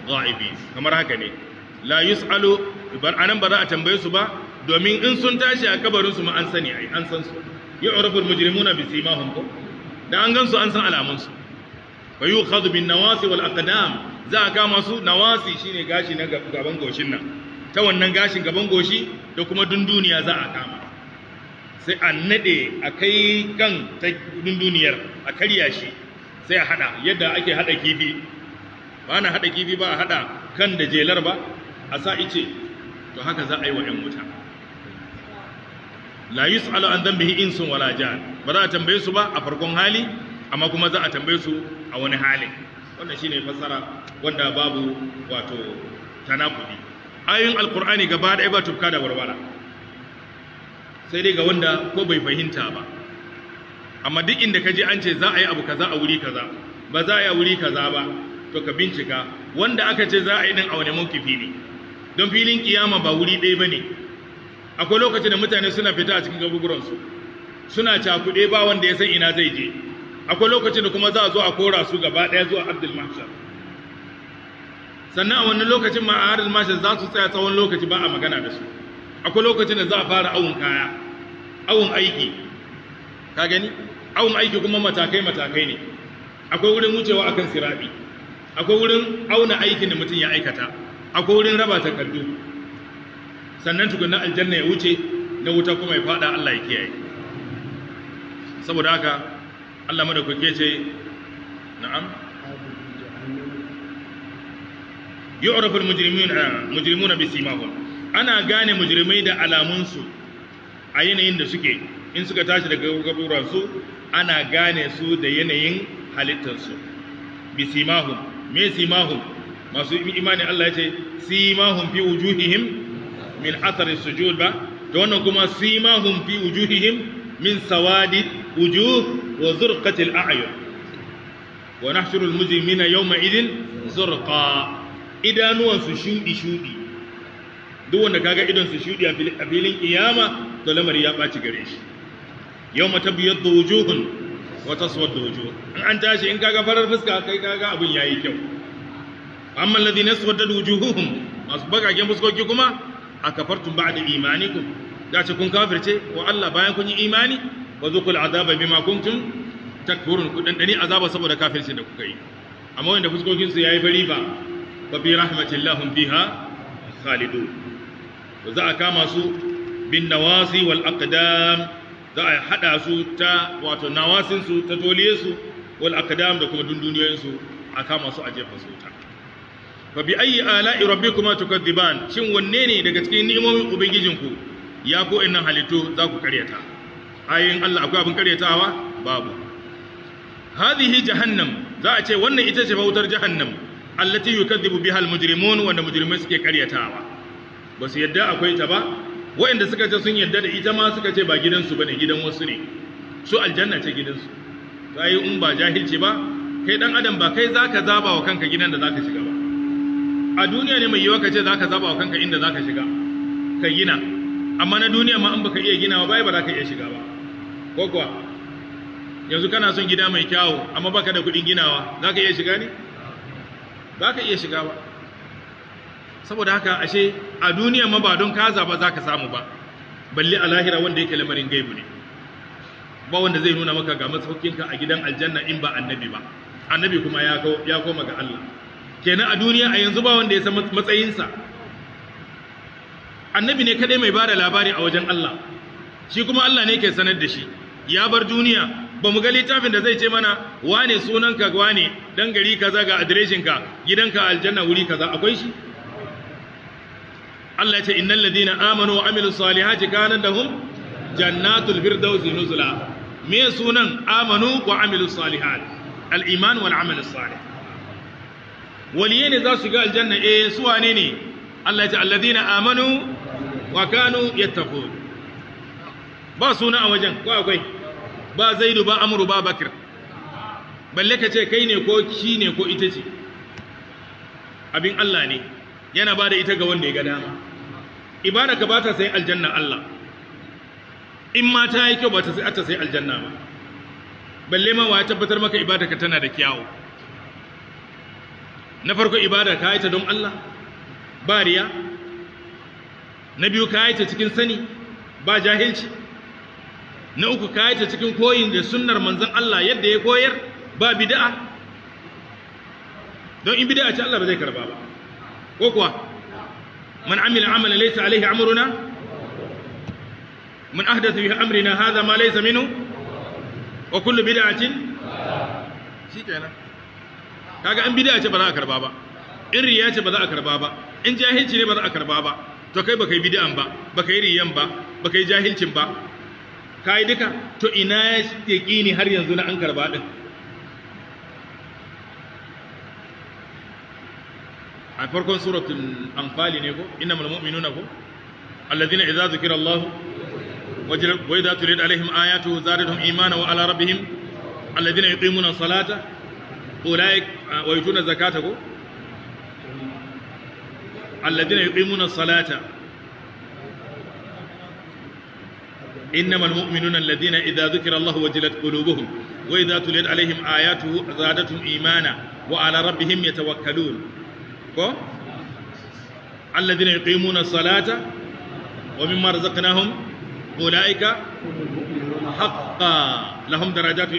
ghaibin kamar haka ne la yus'alu a nan ba za a tambaye su ba domin in sun tashi a kabarin su ma an sani ai an san su yu'rafu al-mujrimuna bi simahum ko da an gan su an san alamun su wa yukhadhu bin nawasi wal aqdam za a kama su nawasi shine gashi na gaban goshin nan ta wannan gashin gaban goshi da kuma dunduniya za a kama sai a nade a kai kan ta dunduniyar a karya shi sai a hada yadda ake hada kifi ba na hada kifi ba a hada kan da jelar ba a sa ice to haka za a yi wa ‘yan wuta la yi su'alu an zambihi insun wala jihar ba za a tambaye su ba a farkon hali amma kuma za a tambaye su a wani hali wannan ne fassara wanda babu wato tanakudi ayoyin alkur'ani gaba ɗaya ba tufka da warwara sai dai ga wanda ko bai fahimta ba amma duk inda ka je an ce za a yi abu kaza a wuri kaza ba za a yi a wuri kaza ba to ka bincika wanda aka ce za a yi din a wani mawkifi ne don filin kiyama ba wuri ɗaya ba ne akwai lokacin da mutane suna fita a cikin gabuguransu suna cakuɗe ba wanda ya san ina zai je akwai lokacin da kuma za a zo a kora su gaba ɗaya zuwa abdul mahshar sannan a wannan lokacin ma a harin mashar za su tsaya tsawon lokaci ba a magana da su akwai lokacin da za a fara awon kaya awon aiki ka gani awon aiki kuma matakai matakai ne akwai wurin wucewa akan sirabi akwai wurin auna aikin da mutum ya aikata akwai wurin raba takardu sannan na aljanna ya wuce na wuta kuma ya fada Allah ya kiyaye saboda haka Allah kuke ce na'am yu'rafu almujrimun mujrimuna mujrimuna bisimahum ana gane mujrimai da alamunsu a yanayin da suke in suka tashi daga kaburansu ana gane su da yanayin halittarsu bisimahum me simahum masu imani Allah ya ce simahum fi wujuhihim min athari sujud ba da wannan kuma simahum fi wujuhihim min sawadi wujuh wa zurqati al-a'yun wa nahshuru al-mujrimina yawma idin zurqa idanuwan su shudi shudi duk wanda kaga idan su shudi a filin kiyama to lamari ya baci gare shi yawma tabyaddu wujuhun wa taswaddu wujuh an tashi in kaga farar fuska kai kaga abun yayi kyau amma alladhina aswadat wujuhuhum masu bagagen fuskoki kuma akafartum ba'da imanikum da ce kun kafirce wa Allah bayan kun yi imani wa zuqul azaba bima kuntum takfurun ku dandani azaba saboda kafircin da kuka yi amma wanda fuskokin su yayi bari ba fa bi rahmatillahum fiha khalidun za a kama su bin nawasi wal aqdam za a hada su ta wato nawasin su ta toliye su wal aqdam da kuma dunduniyoyin su a kama su a jefa su ta fa bi ayi ala'i rabbikuma tukadziban shin wanne ne daga cikin ni'imomin ubangijinku ya ko innan halittu za ku karyata ayin Allah akwai abin karyatawa babu hadhihi jahannam za a ce wannan ita ce bautar jahannam allati yukadzibu biha almujrimun wanda mujrimai suke karyatawa ba su yadda akwai ta ba waɗanda suka ce sun yadda da ita ma suka ce ba gidansu bane gidan wasu ne su aljanna ce gidansu to ayi in ba jahilci ba kai dan adam ba kai zaka zaba wa kanka gidan da zaka shiga ba a duniya ne mai yiwa ka ce za ka zaba wa kanka inda za ka shiga ka gina amma na duniya ma an baka iya ginawa ba ba za ka iya shiga ba ko kuwa yanzu kana son gida mai kyawo amma baka da kuɗin ginawa za ka iya shiga ne za ka iya shiga ba saboda haka ashe a duniya ma ba don ka zaba za ka samu ba balle a lahira wanda yake lamarin gaibu ne ba wanda zai nuna maka ga masaukinka a gidan aljanna in ba annabi ba annabi kuma ya koma ga Allah kenan a duniya a yanzu ba wanda ya san matsayinsa annabi ne kadai mai bada labari a wajen Allah shi kuma Allah ne ke sanar da shi ya bar duniya ba mu ga littafin da zai ce mana wane sunanka wane dan gari kaza ga adireshinka gidanka aljanna wuri kaza akwai shi Allah ya ce innal ladina amanu wa amilus salihati kana lahum jannatul firdausi nuzula me sunan amanu wa amilus salihat al iman wal amal salih waliye ne za su ga aljanna eh su wane ne Allah ya ce alladhina amanu wa kanu yattaqu ba suna a wajen ko akwai ba zaidu ba amru ba bakir balle ka ce kai ne ko ki ne ko ita ce abin Allah ne yana ba da ita ga wanda ya ga dama ibada ka ba ta sai aljanna Allah in ma ta yi kyau ba ta sai aljanna ba balle ma wa ya tabbatar maka ibada ka tana da kyawu na farko ibada ka yi ta don Allah ba riya na biyu ka yi ta cikin sani ba jahilci na uku ka yi ta cikin koyin da sunnar manzon Allah yadda ya koyar ba bid'a don in bid'a ce Allah ba zai karba ba ko kuwa man amila amalan laysa alaihi amruna man ahdatha fi amrina hadha ma laysa minhu wa kullu bid'atin shikenan kaga an bid'a ce ba za a karba ba in riya ce ba za a karba ba in jahilci ne ba za a karba ba to kai baka yi bid'an ba baka yi riyan ba baka yi jahilcin ba ka yi duka to ina ya yaqini har yanzu na an karba din a farkon suratul anfali ne ko innamal mu'minuna ko alladhina idza zukira allah وإذا تليت عليهم آياته زادتهم إيمانا وعلى ربهم الذين يقيمون salata. ulai wa zakata ko alladhina yuqimuna salata innamal mu'minuna alladhina idza dhukira allah wajilat qulubuhum wa idza tuliyat alaihim ayatuhu zadatuhum imana wa ala rabbihim yatawakkalun ko alladhina yuqimuna salata wa mimma razaqnahum ulaika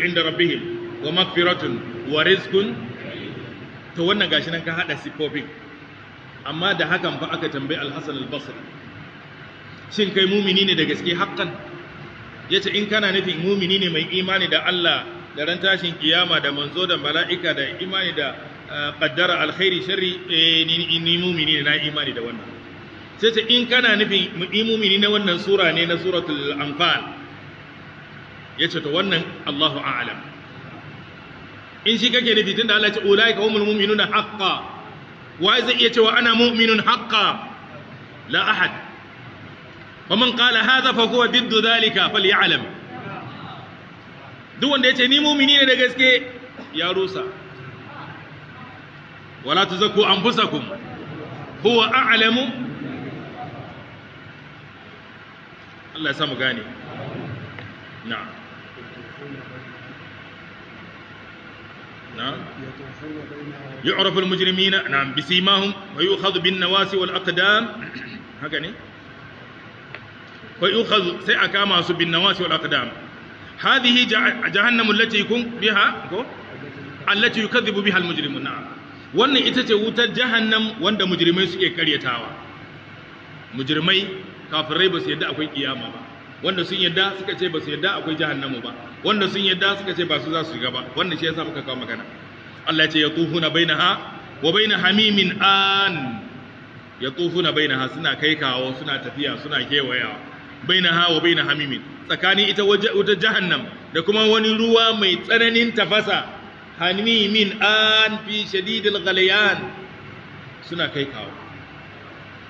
inda rabbihim wa maghfiratun wa ta to wannan gashi nan ka haɗa sifofin amma da hakan fa aka tambayi Alhassan hasan al-Basri shin kai mumini ne da gaske haƙƙan ce in kana nufin mumini ne mai imani da Allah da ran tashin kiyama da manzo da mala'ika da imani da eh, qaddara alkhairi sharri eh ni mumini ne na imani da wannan sai ta in kana nufin mumini na wannan sura ne na suratul anfal ce ta wannan Allahu a'lam in shi kake nufi da Allah ya ce ulaika humul mu'minuna haqqan wai zai iya cewa ana mu'minun haqqan la ahad faman qala hadha fa huwa biddu dhalika falyalam duk wanda yace ni mu'mini ne da gaske ya rusa wala tuzakku anfusakum huwa a'lamu Allah ya samu gane na'am نعم يعرف المجرمين نعم بسيماهم ويؤخذ بالنواسي والأقدام هكذا ويؤخذ سيأكا ماسو بالنواسي والأقدام هذه جهنم التي يكون بها التي يكذب بها المجرمون نعم wannan ita ce wutar jahannam wanda mujrimai suke karyatawa mujrimai kafirai ba su yadda akwai kiyama ba wanda sun yadda suka ce ba su yadda akwai jahannamu ba wanda sun yadda suka ce ba su za su shiga ba wannan shi yasa muka kawo magana Allah ya ce yatufuna bainaha wa baina hamimin an yatufuna bainaha suna kai kawo suna tafiya suna kewayawa bainaha wa baina hamimin tsakani ita wata jahannam da kuma wani ruwa mai tsananin tafasa hamimin an fi shadidil ghaliyan suna kai kawo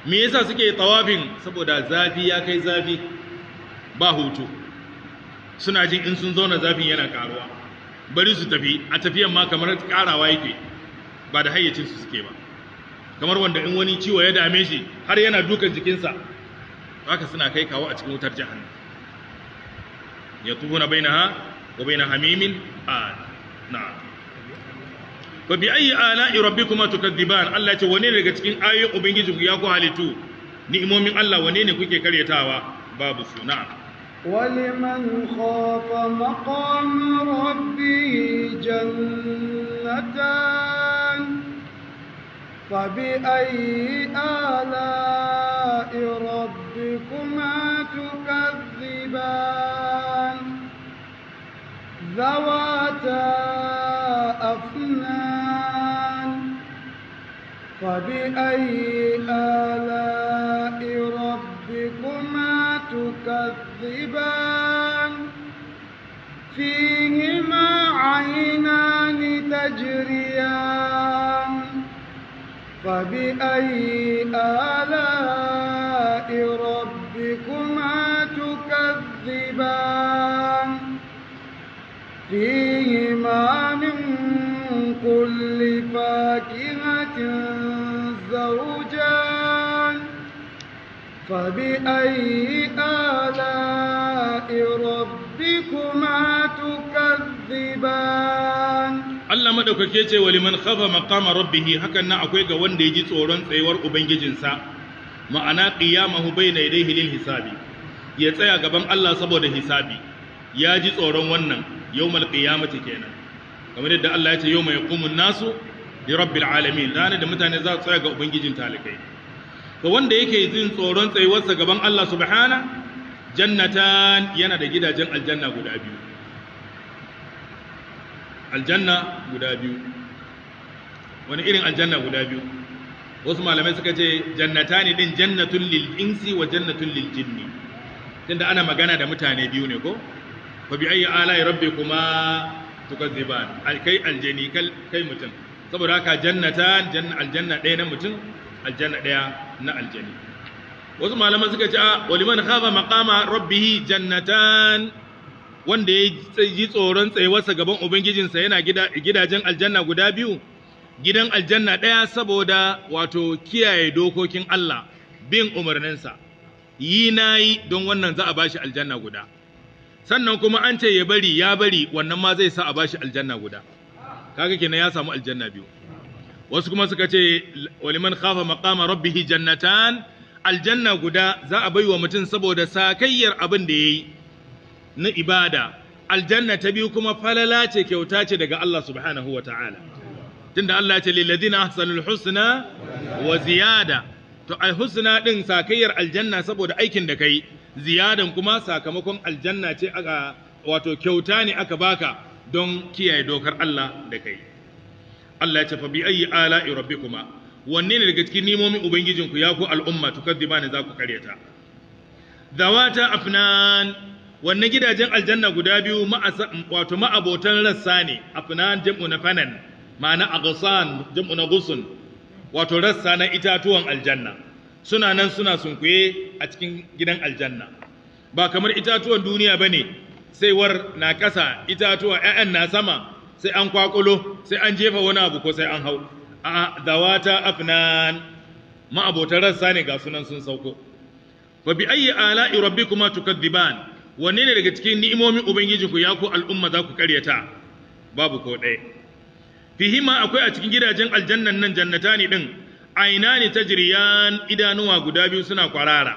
me yasa suke tawafin saboda zafi ya kai zafi ba hutu suna jin in sun zauna zafin yana karuwa bari su tafi a tafiyan ma kamar karawa yake ba da hayyacin su suke ba kamar wanda in wani ciwo ya dame shi har yana dukan jikinsa haka suna kai kawo a cikin wutar jahannam yatufuna bainaha wa bain hamimin a na fa bi ayi ala'i rabbikuma tukadiban Allah ya ce wane daga cikin ayoyin ubangiji ya ku halitu ni'imomin Allah wane ne kuke karyatawa babu su na'am ولمن خاف مقام ربه جنتان فبأي آلاء ربكما تكذبان ذواتا أفنان فبأي آلاء يصدبان فيهما عينان تجريان فبأي آلاء ربكما تكذبان فيهما من كل فاكهة فبأي آلاء ربكما تكذبان Allah madaukake ce wa liman khafa maqama rabbihi hakan nan akwai ga wanda ya ji tsoron tsayuwar ubangijinsa ma'ana qiyamahu bayna yadayhi lil hisabi ya tsaya gaban Allah saboda hisabi ya ji tsoron wannan yawmal qiyamati kenan kamar yadda Allah ya ce yawma yaqumun nasu li rabbil alamin ranar da mutane za su tsaya ga ubangijin talikai ga wanda yake jin tsoron tsayuwarsa gaban Allah subhana jannatan yana da gidajen aljanna guda biyu aljanna guda biyu wani irin aljanna guda biyu wasu malamai suka ce jannata ne din jannatun lil insi wa jannatun lil jinni tunda ana magana da mutane biyu ne ko fa bi ayyi rabbi kuma tukazziban kai aljani kai mutum saboda haka jannatan aljanna ɗaya na mutum aljanna ɗaya na aljani wasu malaman suka ce a waliman khafa maqama rabbihi jannatan wanda ya yi tsoron tsayuwarsa gaban ubangijinsa yana gidajen aljanna guda biyu gidan aljanna ɗaya saboda wato kiyaye dokokin Allah bin umarninsa yi na yi don wannan za a bashi aljanna guda sannan kuma an ce ya bari ya bari wannan ma zai sa a bashi aljanna guda kaga kenan ya samu aljanna biyu wasu kuma suka ce waliman khafa maqama rabbihi jannatan aljanna guda za a baiwa mutum saboda sakayyar abin da yayi na ibada aljanna ta biyu kuma falala ce kyauta ce daga Allah subhanahu wa ta'ala tunda Allah ya ce lilladina ahsanul husna wa ziyada to al husna din sakayyar aljanna saboda aikin da kai ziyadan kuma sakamakon aljanna ce aka wato kyauta ne aka baka don kiyaye dokar Allah da kai Allah ya ce fa bi ayi ala rabbikuma wanne ne daga cikin nimomin ubangijinku ya ku al'umma tukaddiba ne za ku karyata zawata afnan wanne gidajen aljanna guda biyu wato ma'abotan rassa ne afnan jam'u na fanan ma'ana aghsan jam'u na gusun wato rassa na itatuwan aljanna suna nan suna sunkuye a cikin gidan aljanna ba kamar itatuwan duniya bane saiwar na ƙasa itatuwa 'ya'yan na sama sai an kwakulo sai an jefa wani abu ko sai an hau a dawata afnan ma'abotan rassa ne ga sunan sun sauko fa bi ayi ala'i rabbikuma tukadziban wanne ne daga cikin ni'imomin ubangiji ku ya ku al'umma za ku karyata babu ko ɗaya fihima akwai a cikin gidajen aljannan nan jannatani ne din aina ne tajriyan idanuwa guda biyu suna kwarara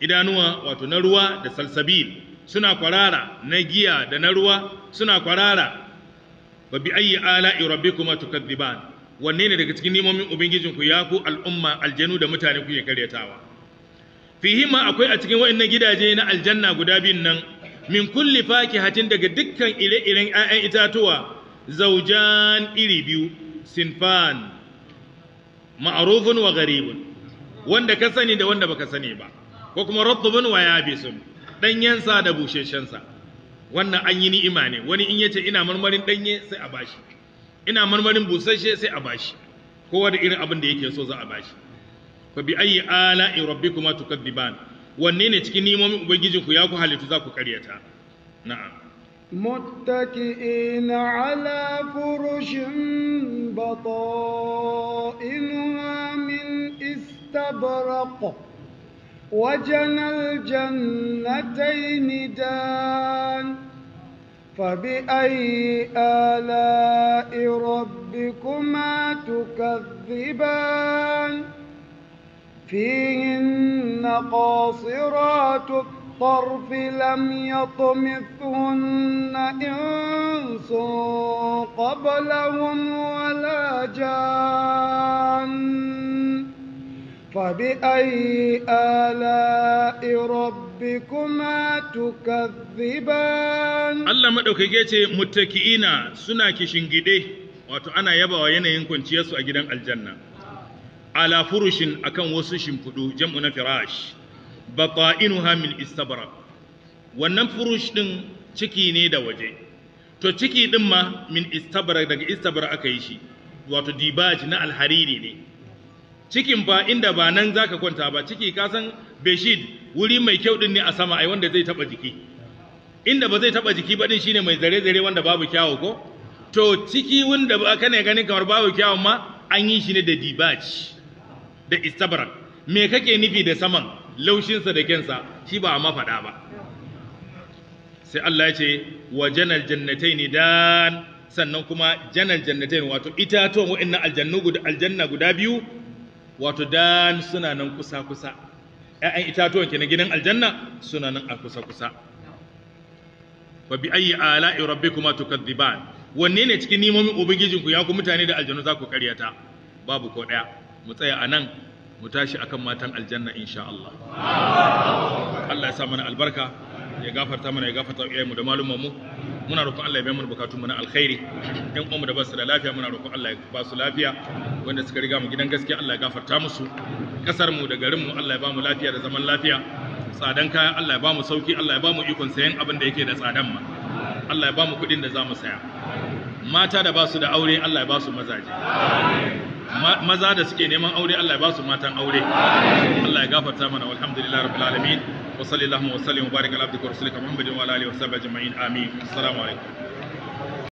idanuwa wato na ruwa da salsabil suna kwarara na giya da na ruwa suna kwarara wa bi ayyi ala rabbikuma tukadhiban wanne ne daga cikin nimomin ubangijin ya ku al'umma aljanu da mutane kuke karyatawa ma akwai a cikin wa'annan gidaje na aljanna guda biyun nan min kulli fakihatin daga dukkan ire-iren 'ya'yan itatuwa zaujan iri biyu sinfan ma'rufun wa gharibun wanda ka sani da wanda baka sani ba ko kuma rattubun wa yabisun danyensa da busheshensa wannan an yi ni'ima ne wani in yace ina marmarin danye sai a bashi ina marmarin busasshe sai a bashi kowa da irin abin da yake so za a bashi fa bi ayi ala'i rabbikuma tukadiban wanne ne cikin nimomin ubangijinku ya ku halittu za ku karyata na'am متكئين على فرش بطائنها من استبرق وجنى الجنتين دان فبأي آلاء ربكما تكذبان فيهن قاصرات الطرف لم يطمثهن إنس قبلهم ولا جان فبأي آلاء ربكما تكذبان الله مدوكake ce muttaki'ina suna kishingide wato ana yabawa yanayin kwanciyarsu a gidan aljanna ala furushin akan wasu shimfidu jam'u na firash bata'inuha min istabrak wannan furush ɗin ciki ne da waje to ciki ɗin ma min istabrak daga istabrak aka yi shi wato dibaj na alhariri ne cikin ba inda ba nan zaka kwanta ba ciki ka san beshid wuri mai kyau din ne a sama ai wanda zai taba jiki inda ba zai taba jiki ba din shine mai zare zare wanda babu kyawu ko to ciki wanda ba kana ganin kamar babu kyawu ma an yi shi ne da dibaci da istabrak me kake nufi da saman laushinsa da kensa shi ba a mafaɗa ba sai Allah ya ce wa janar jannatai ne dan sannan kuma janar jannatai wato itatuwan wa'annan aljannu guda aljanna guda biyu wato dan suna nan kusa-kusa ‘ya'yan itatuwan ke na gidan aljanna suna nan a kusa-kusa ba bi ayi ala'i rabbi kuma tukaddiban wanne ne cikin nimomin ubangijinku ya ku mutane da aljanu za ku karyata babu ko ɗaya mu tsaya a nan mu tashi akan matan aljanna insha Allah Allah ya sa mana albarka ya gafarta mana ya gafarta iyayenmu da mu muna roƙon Allah ya biya mana mu na alkhairi ɗan mu da ba su da lafiya muna roƙon Allah ya ba su lafiya wanda suka riga mu gidan gaskiya Allah ya gafarta musu kasar mu da garin mu Allah ya ba mu lafiya da zaman lafiya tsadan kaya Allah ya ba mu sauki Allah ya ba mu ikon sayan abin da yake da tsadan ma Allah ya ba mu kuɗin da za mu saya mata da ba su da aure Allah ya ba su mazaje maza da suke neman aure Allah ya ba su matan aure Allah ya gafarta mana walhamdulillahi rabbil alamin wa sallallahu wa sallim wa barik ala abdika wa rasulika muhammadin wa ala alihi wa sahbihi ajma'in amin assalamu alaikum